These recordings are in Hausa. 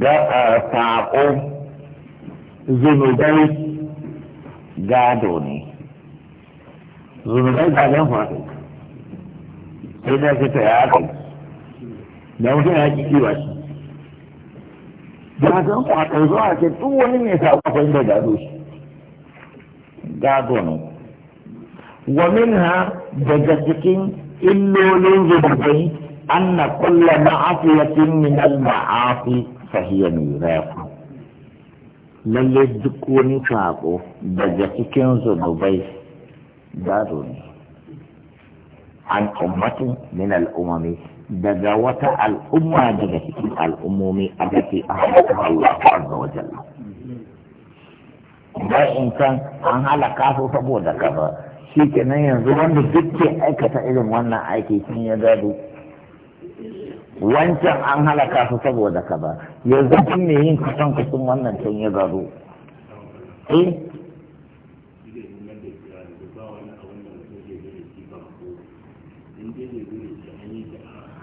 ga saƙo zunubai gado ne zunubai gadon faɗi sai da ka taya aka da mutum ya ƙi kiwa shi gadon faɗi zuwa ke duk wani mai saƙo sai da gado shi gado ne ومنها دجتكين إلو لنجد به أن كل معصية من المعاصي fahiya miraku lalle duk wani saƙo daga cikin zunubai gado ne an ummatin min al'umami daga wata al'umma daga cikin al'ummomi a gafi a haka Allah azza wa jalla dan in kan an halaka su saboda kaba shi kenan yanzu wanda duk ke aikata irin wannan aiki sun ya gado wancan an halaka su saboda ba yanzu kun ne yin kusan kusan wannan can ya zaro eh?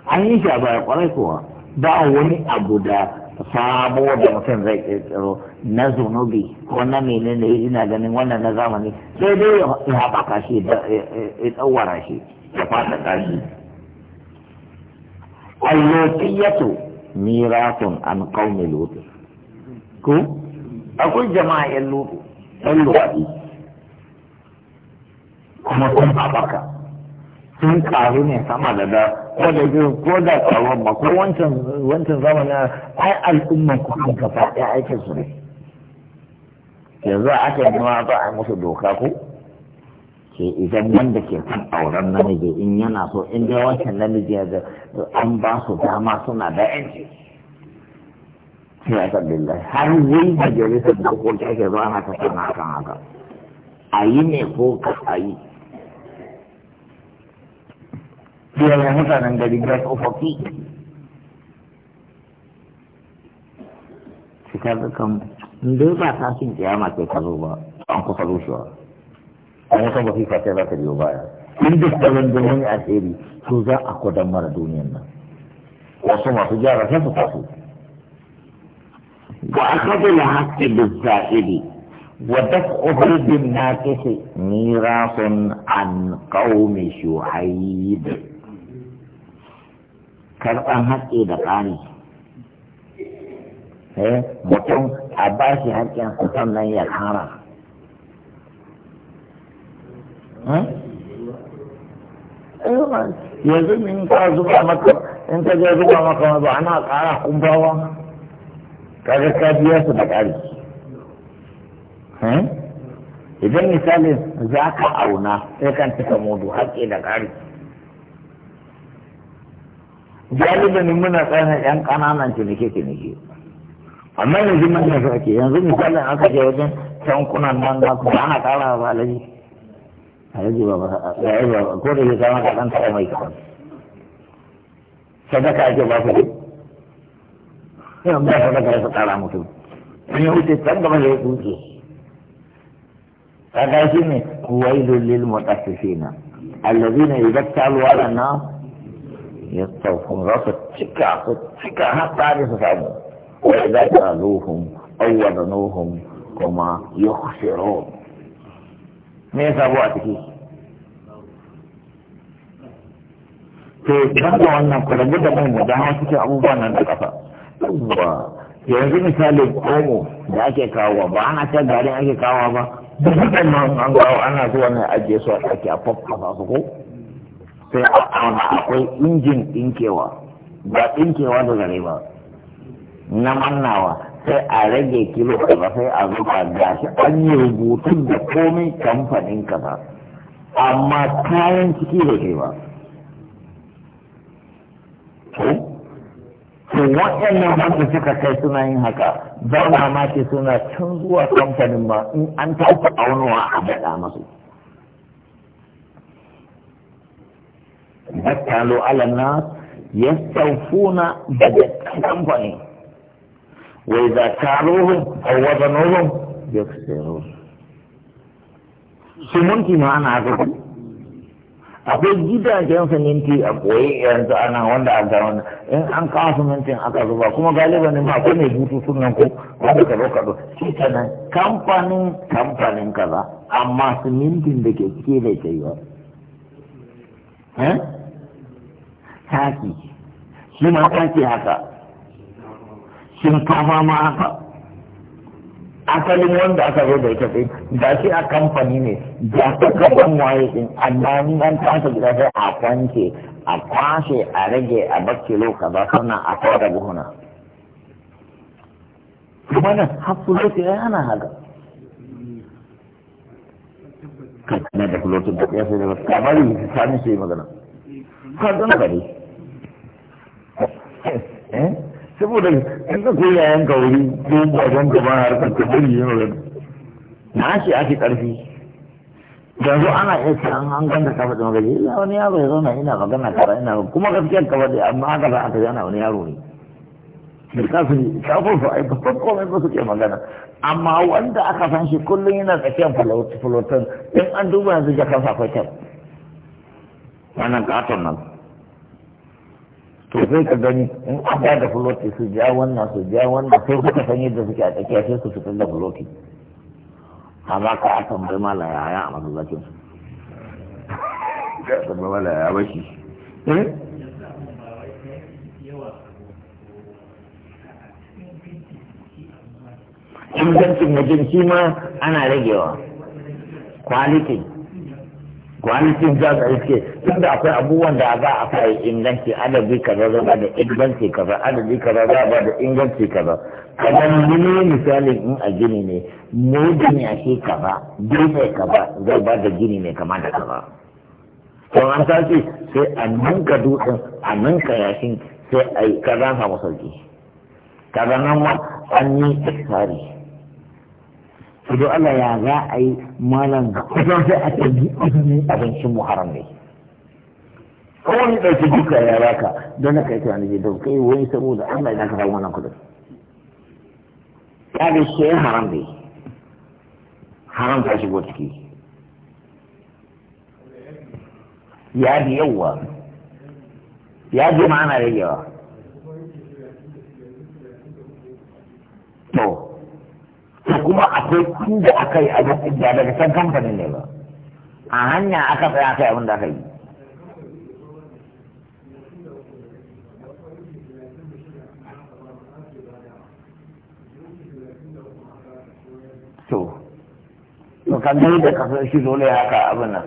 an yi shi a baya kwarai kuwa ba wani abu da sabo da mutum zai kirkiro na zunubi ko na menene ina ganin wannan na zamani sai dai ya haɓaka shi ya ɗaura shi ya fata shi allotiyatu miratun an qaumi lutu Ku, akwai jama'a yan lutu yan luwaɗi kuma kun abaka sun karu ne sama da da ko da ko da karuwan ba ko wancan wancan zamanin ai al'umman ku kan gaba ɗaya aikin su ne yanzu aka yi ma ba a musu doka ko ce idan wanda ke kan auren namiji in yana so in dai wancan namiji ya an ba su dama suna da yanci ya tabbilla har wai majalisar da ko ta ke zuwa na ta na kan haka a yi ne ko ka a yi yayin mutanen gari ga tsofaffi cikar ka ga kan dai ba tashin kiyama ce ke zo ba an kusa rushewa a wata wasifa sai za ta biyo baya in duk da wanda wani alheri to za a kudan mara duniyan nan wasu masu gyara sai su taso. wa akadul haqqi bizza'idi wa daf'uhu bin naqisi mirasun an qaumi shu'aib karban haƙƙi da ƙani eh mutum a bashi haƙƙin nan ya kara Eh, yanzu min ka zuba maka in ka je zuba maka wani ba ana kara kumbawa ga ka biya su da kari eh? idan misalin za ka auna sai kan cika mudu haƙƙi da ƙari galibin muna tsaye yan ƙananan cinike cinike amma yanzu manyan su ake yanzu misalin aka je wajen tankunan nan ba ana kara ba alaji alaji ba ba ko da ke kama ka ɗan taɓa mai kaɗan sadaka ake ba ku yin ba sadaka ya tsara mutum in ya wuce can gaba da ya tsuke kaga shi ne wailul lil mutaffifina allazina yubtalu ala na yastawfun za su cika su cika har tsari su samu wa idza ta'aluhum awwadunuhum kuma yukhsirun me ya sabo a ciki to idan da wannan kwarangu da mai da dama cikin abubuwan nan da kafa yawwa yanzu misali komo da ake kawo ba ana ta garin ake kawo ba da waɗannan an kawo ana zuwa ne ajiye su a ɗaki a fafafa su ko sai a auna akwai injin ɗinkewa ba ɗinkewa da gare ba na mannawa sai a rage kilo ba sai a zuba gashi an yi rubutun da komai kamfanin ka ba amma kayan ciki da ke ba to waɗannan wanda suka kai suna yin haka ba mamaki suna can zuwa kamfanin ma in an tafi aunawa a daɗa masu Bakalo alannas yastaufuna daga kamfanin وإذا كالوهم أو وزنوهم يكسرون siminti ma ana haka akwai gidajen siminti a koyi yanzu ana wanda a gawon in an kawo simintin aka zuba kuma galiba ne ma ko mai hutu sunan ko wanda ka zo ka shi kenan kamfanin kamfanin kaza amma simintin da ke cike bai kai ba taki shi ma taki haka shinkafa ma haka asalin wanda aka zo da ita sai da shi a kamfani ne da ta kaban waye din amma ni an tashi gida sai a kwance a kwashe a rage a bakke loka ba sannan a fara buhuna kuma nan hafu lokaci ya yana haka kana da kulotin da ya sai da kamar yi ta shi magana ka zama gari eh? saboda in ka koya ka wuri ko baban ka ba harkar ka yi yin wani na shi ake karfi yanzu ana iya ce an an ganta kafa faɗi magana ina wani yaro ya zauna ina magana kara ina kuma gaskiyar kafa da amma haka za a ta zana wani yaro ne da kafin kafin su ai babban komai ba suke magana amma wanda aka san shi kullum yana tsakiyar fulotan in an duba yanzu jakan sakwai akwai wannan katon nan to sai ka gani in an da fuloti su ja wannan su ja wannan sai kuka san yadda suke a tsakiya sai su fitar da fuloti amma ka a tambayi malaya ya a masallacin su ya tambayi mala yaya ba eh? ingancin mutum shi ma ana ragewa kwalitin kwanakin za ka iske tunda akwai abubuwan da za a fara inganci adadi kaza za da inganci kaza adadi kaza za ba da inganci kaza kadan ne misalin in a gini ne gini a shi kaza gefe kaza zai ba da gini ne kama da kaza to an tashi sai a ninka dutsen a ninka yashin sai a yi kaza samu sauki kaza nan ma an yi tsari to don Allah ya za a yi malam kusan sai a tabi abincin mu haram ne kawai ɗauki duka ya raka don na kai tunanin gidan kai wani saboda Allah idan ka samu wannan kudin ya ga shi haram ne haram ta shigo ciki ya ji yawa ya ji ma'ana da yawa akwai inda aka yi abin da daga can kamfanin ne ba a hanya aka tsaya aka abin da aka yi to to kan da shi dole haka abin nan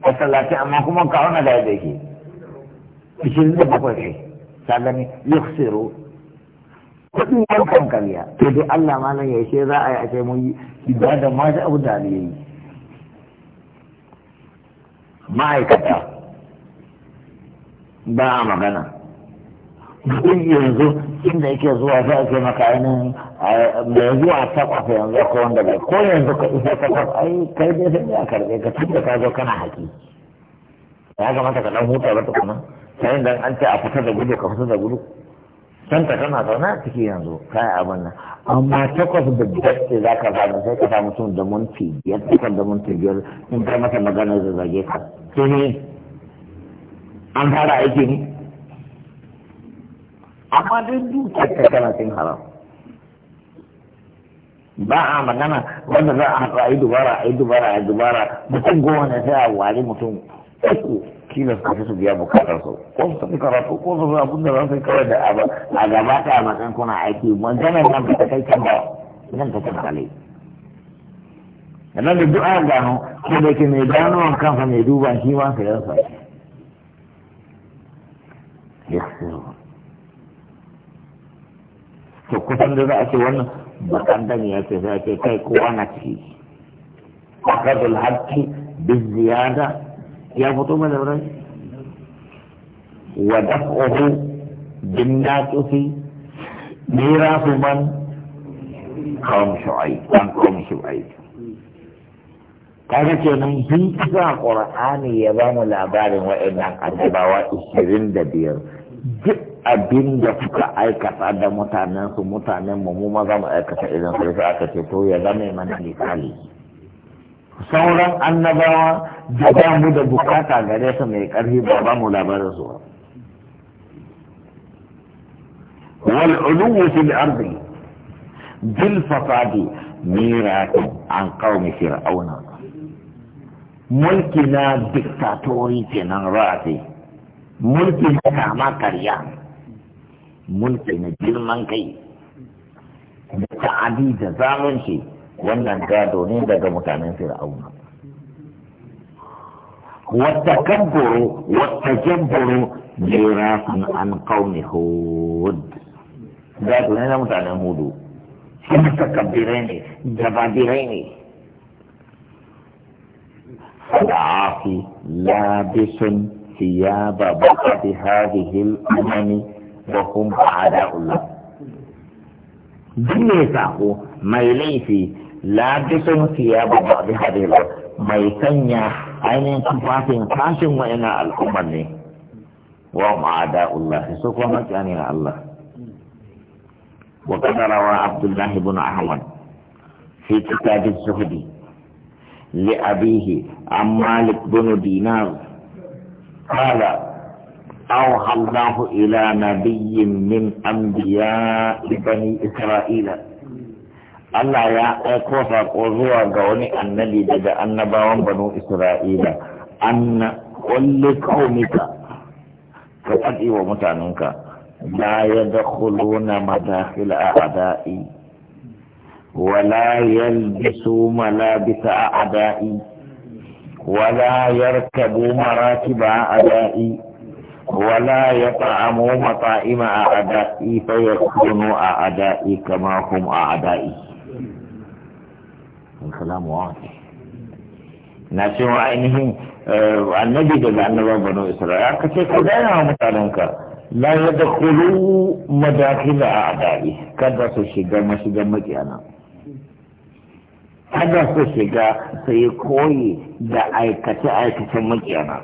a amma kuma ka wani da yadda yake ishirin da bakwai kai ka gani yuksiru kudin yankan kariya to dai Allah ma ya yaushe za a yi a ce mun yi ibada ma da abu da yi. ma'aikata ba a magana duk yanzu inda yake zuwa za a ce maka ainihin mai zuwa takwas yanzu ko wanda bai ko yanzu ka isa takwas ai kai dai sai a karbe ka da ka zo kana haƙi ya kamata ka ɗan huta ba tukuna sai dan an ce a fita da gudu ka fita da gudu san ta kana zauna a ciki yanzu kai abin nan amma takwas da dace za ka zama sai ka samu sun da minti biyar kan da minti biyar in ka masa magana da zage ka sai ne an fara aiki ne amma dai dukkan ta kana cin haram ba a magana wanda za a haɗu a yi dubara a yi dubara a yi dubara mutum goma ne sai a wari mutum uku tilasta su su biya bukatar su ko su tafi karatu ko su abin da za su kawai da a gaba ta makan kuna aiki wanzanar nan ba ta kai can ba nan ta can kalai nan da du'a gano ko da ke mai gano kansa mai duba shi ma sai yansa yasiru to kusan da za a ce wannan bakan da ya ce sai a ce kai kowa na ciki akadul hakki biziyada ya fito mana ran wa daf'uhu bin natufi mirasu man kawam shu'ai dan kawam shu'ai kaga kenan bi isa qur'ani ya ba labarin wa'annan annabawa 25 duk abin da suka aikata da mutanen su mutanen mu mu ma za mu aikata idan sai aka ce to ya zama mana misali sauran annabawa da ba mu da bukata gare su mai karfi ba ba mu labarin su ba wal uluwu fil ardi bil fasadi miratun an qaumi fir'auna mulki na diktatori kenan ra'ati mulki na kama karya mulki na girman kai da ta'adi da zamanci wannan gado ne daga mutanen fir'auna wata kabboro wata jabboro jirasun an kauni hud gado ne na mutanen hudu sun takabbirai ne jababirai ne fada'afi labisun siyaba ba'adi hadihil amani wa hum a'da'ullah duk mai sako mai laifi labisun siyaba ba bi hadira mai sanya ainihin tufafin kashin wa'ina al'ummar ne wa ma'ada'ullah su kuma makiyani na Allah wa kadarawa abdullahi bin ahmad في كتاب الزهد لأبيه عن مالك بن دينار قال أوحى الله إلى نبي من أنبياء بني إسرائيل Allah ya aiko saƙo zuwa ga wani annabi daga annabawan banu Isra'ila anna kulli qaumika ka faɗi wa mutanenka la yadkhuluna madakhil a'da'i ولا يلبسوا ملابس أعدائي ولا يركبوا مراكب أعدائي ولا يطعموا مطاعم أعدائي فيكونوا أعدائي كما هم أعدائي na واضح wa وعينهم eh, annabi daga annaban banu isra'ila ya kace ka gaya wa mutanenka la ya da kulu madakila a adari kada su shiga mashigan makiyana kada su shiga sai koyi da aikace aikacen makiyana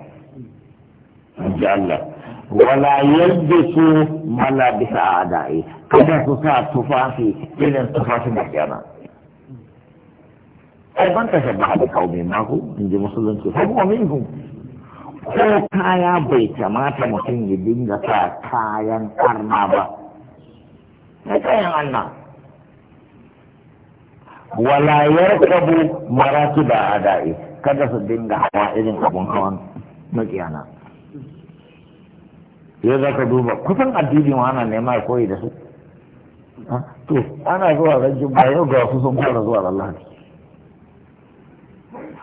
inji Allah wala yadda su malabisa a adari kada su sa tufafi irin tufafin makiyana ai ban tashabbaha da kaumi ma ku in ji musulunci fa kuma minhum ko kaya bai kamata mutum ya dinga sa kayan arna ba na kayan anna wala yarkabu maratu ba a adai kada su dinga hawa irin abun hawan makiyana ya za ka duba kusan addini ma ana nema koyi da su to ana zuwa ran jumba yau ga wasu sun fara zuwa Allah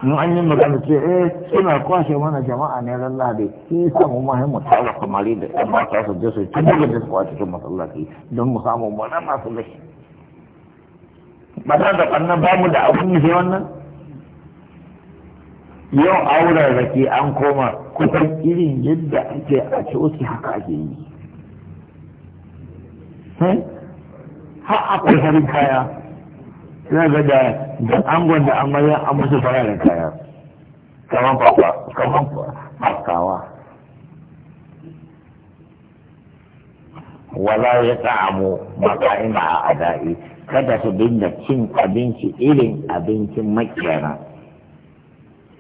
Mu an yi magana ce eh suna kwashe mana jama'a ne ran lahadi shi yasa mu ma mu tara kamari da ɗan mata su je su ci daga da su cikin masallaci don mu samu na masu lashi ba da ɓannan ba mu da abin yi wannan yau auren rake an koma kusan irin yadda ake a coci haka ake yi eh? har akwai harin kaya sai ga da da angon da amarya an musu fararen kaya kaman papa kaman paskawa wala ya ta'amu maka'ima a adai kada su dinga cin abinci irin abincin makiyana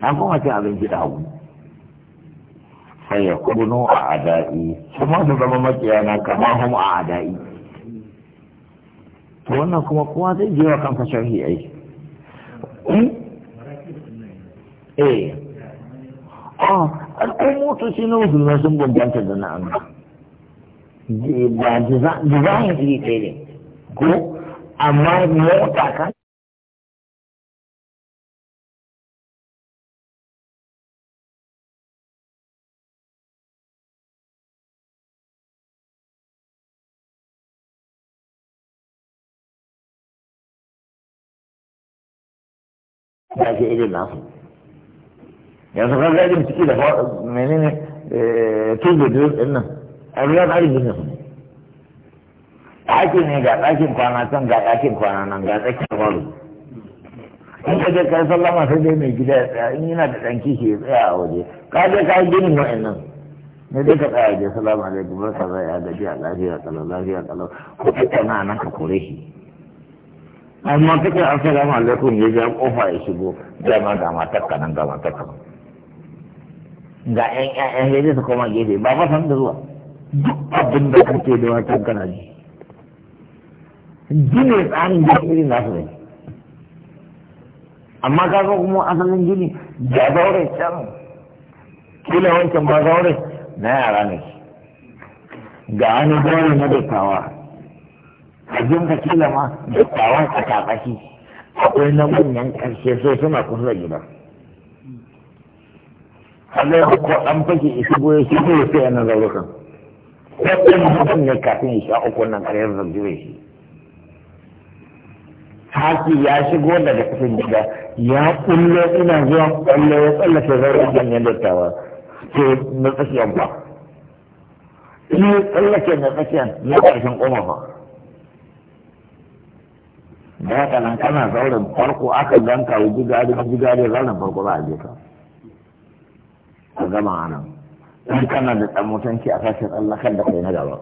an kuma cin abinci da hagu sai ya kuno a adai kuma su zama makiyana kamar hum a adai to wannan kuma kowa zai je wa fashar sharhi aiki. Hmm? eh a ah, motoci na musulman sun bambanta da na amma ba dizayin ne ko amma mota kan ya ke irin nasu yanzu kan ga irin ciki da menene eh, tudu da din nan a riya na irin su ne Ɗakin ne ga ɗakin kwana can ga ɗakin kwana nan ga ɗakin kwano in ka je kai sallama sai dai mai gida ya tsaya in yana da ɗan kishi ya tsaya a waje ka je ka yi ginin wa'annan ne dai ka tsaya je salamu alaikum barka zai ya gaji a lafiya kalau lafiya kalau ko ka tsaya nan ka kore shi amma kake assalamu alaikum ya ja kofa ya shigo dama ga matar ka nan ga matar ka ga ƴan ƴaƴan ya su koma gefe ba ba san da zuwa duk abin da kake da wata kana ji gine tsarin da na su ne amma ka ga kuma asalin gini ga zaure can kila wancan ba zaure na yara ne ga wani zaure na dattawa a jinka kila ma dattawan a tsaki akwai na manyan karshe sai suna kusa da gida Allah ya ko dan fake isi goye shi ne sai yana zaurukan ko ɗan mutum ne kafin ya sha uku nan karyar zanzure shi haki ya shigo daga cikin gida ya kullo ina zuwa kwallo ya tsallake zaurin ganyen dattawa ke na tsakiyar ba ni tsallake na tsakiyar na ƙarshen ƙoma ba da haka nan kana zauren farko aka ganka wa gudare gudare zauren farko za a je ka a gama anan in kana da dan mutunci a sashen Allah kan da kai na gaba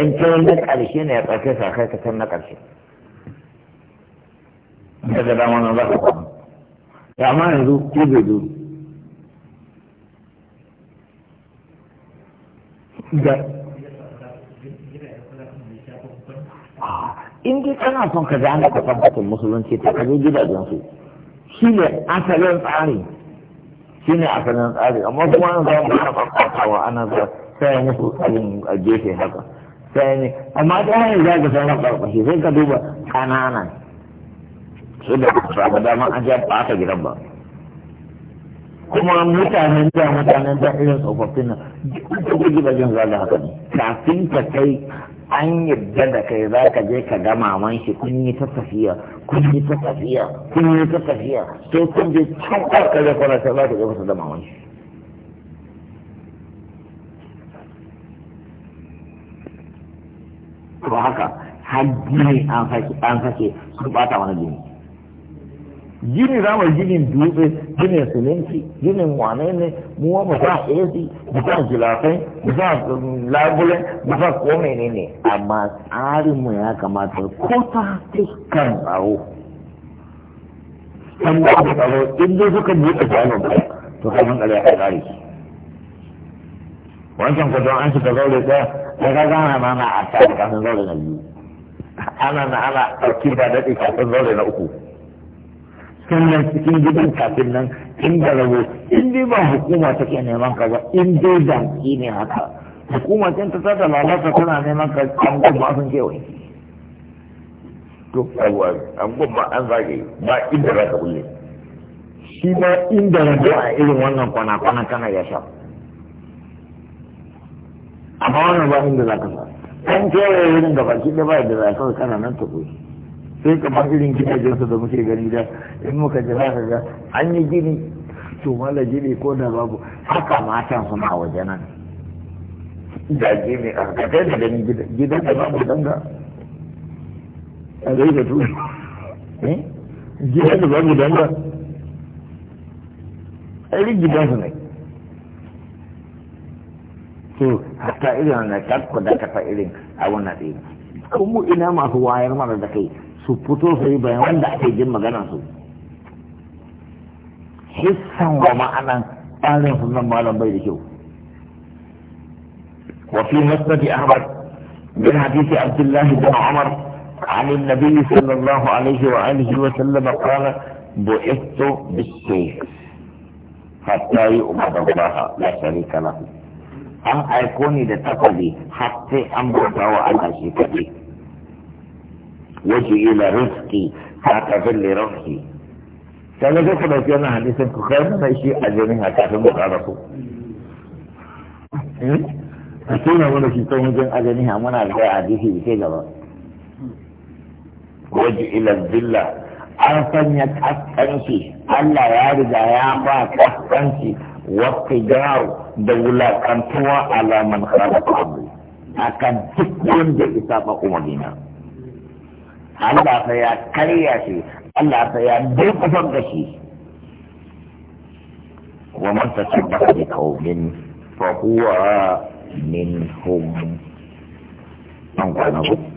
in kai na ƙarshe ne ya ɗauke sa kai ka can na ƙarshe daga dama nan za ka samu ya ma yanzu ko bai zo da in dai kana son ka gane ka tabbatar musulunci ta kaje zo gidajensu shi ne asalin tsari shi ne asalin tsari amma kuma an zama ba ana farfatawa ana zuwa sai musu abin a gefe haka sai ne amma ta hanyar za ka sauran farkashi sai ka duba kananan su da kusa ba dama an ja ba ka gidan ba kuma mutanen da mutanen da irin tsofaffin nan duk da gidajen zaga haka ne kafin ka kai an yadda da kai za ka je ka ga maman shi kun yi ta tafiya kun yi ta tafiya kun yi ta tafiya sai kun je can ka da kwana sai za ka je masa da maman shi to haka har an fake an fake sun bata wani jini gini za mu ginin dutse ginin siminti ginin wane ne mu mu sa esi mu sa gilafai mu sa labule mu sa ko ne ne amma tsarin mu ya kamata ko ta kan tsaro san da abu tsaro in dai suka buɗe ba to kamar ƙarya ya ƙare wancan kwadon an shiga zaure ɗaya ya ga gana mana a ta da zaune zaure na biyu ana na ana ɗauki ba daɗi kafin zaure na uku sannan cikin gidan kafin nan inda rabo in dai ba hukuma take neman ka ba in dai jami'i ne haka hukuma can ta tsada lalata tana neman ka an gumma sun kewaye to abuwa an gumma an zage ba inda za ka kulle shi ba inda rabo a irin wannan kwana-kwana kana ya sha amma wannan ba inda za ka sa an kewaye wurin gabaki da ba da za ka kana nan ta kulle sai kamar irin gidajensu da muke gani da in muka ji ka ga an yi gini to mala gini ko da babu haka matan suna waje nan da gini a kakar da gani gidan da babu danga a zai da tuni eh? gidan da babu danga irin su ne to hatta irin na kakko da kafa irin a wannan ɗin kuma ina masu wayar mara da kai su fito su yi bayan wanda ake jin magana su hissan wa ma'anan tsarin sunan malam bai da kyau وفي مسند أحمد من bin عبد الله بن عمر عن النبي صلى الله عليه وآله وسلم قال بعثت بالسيف حتى يؤمن الله لا شريك له an aiko ni da takobi har sai an bauta wa Allah وجعل رزقي تحت ظل رمحي kaga zai kuma ce na hadisin ku kai mana shi a jinin a kafin mu ƙara ku a tuna mana shi ta wajen ajani ha muna da hadisi da ke gaba waje ila zilla an sanya kaskanci Allah ya riga ya ba kaskanci wata garo da wulakantuwa alaman a kan duk wanda isa ba umarnina. Allah fa ya karya shi Allah fa ya durkufar da shi wa man tasabbaha bi qaumin fa huwa minhum an kwana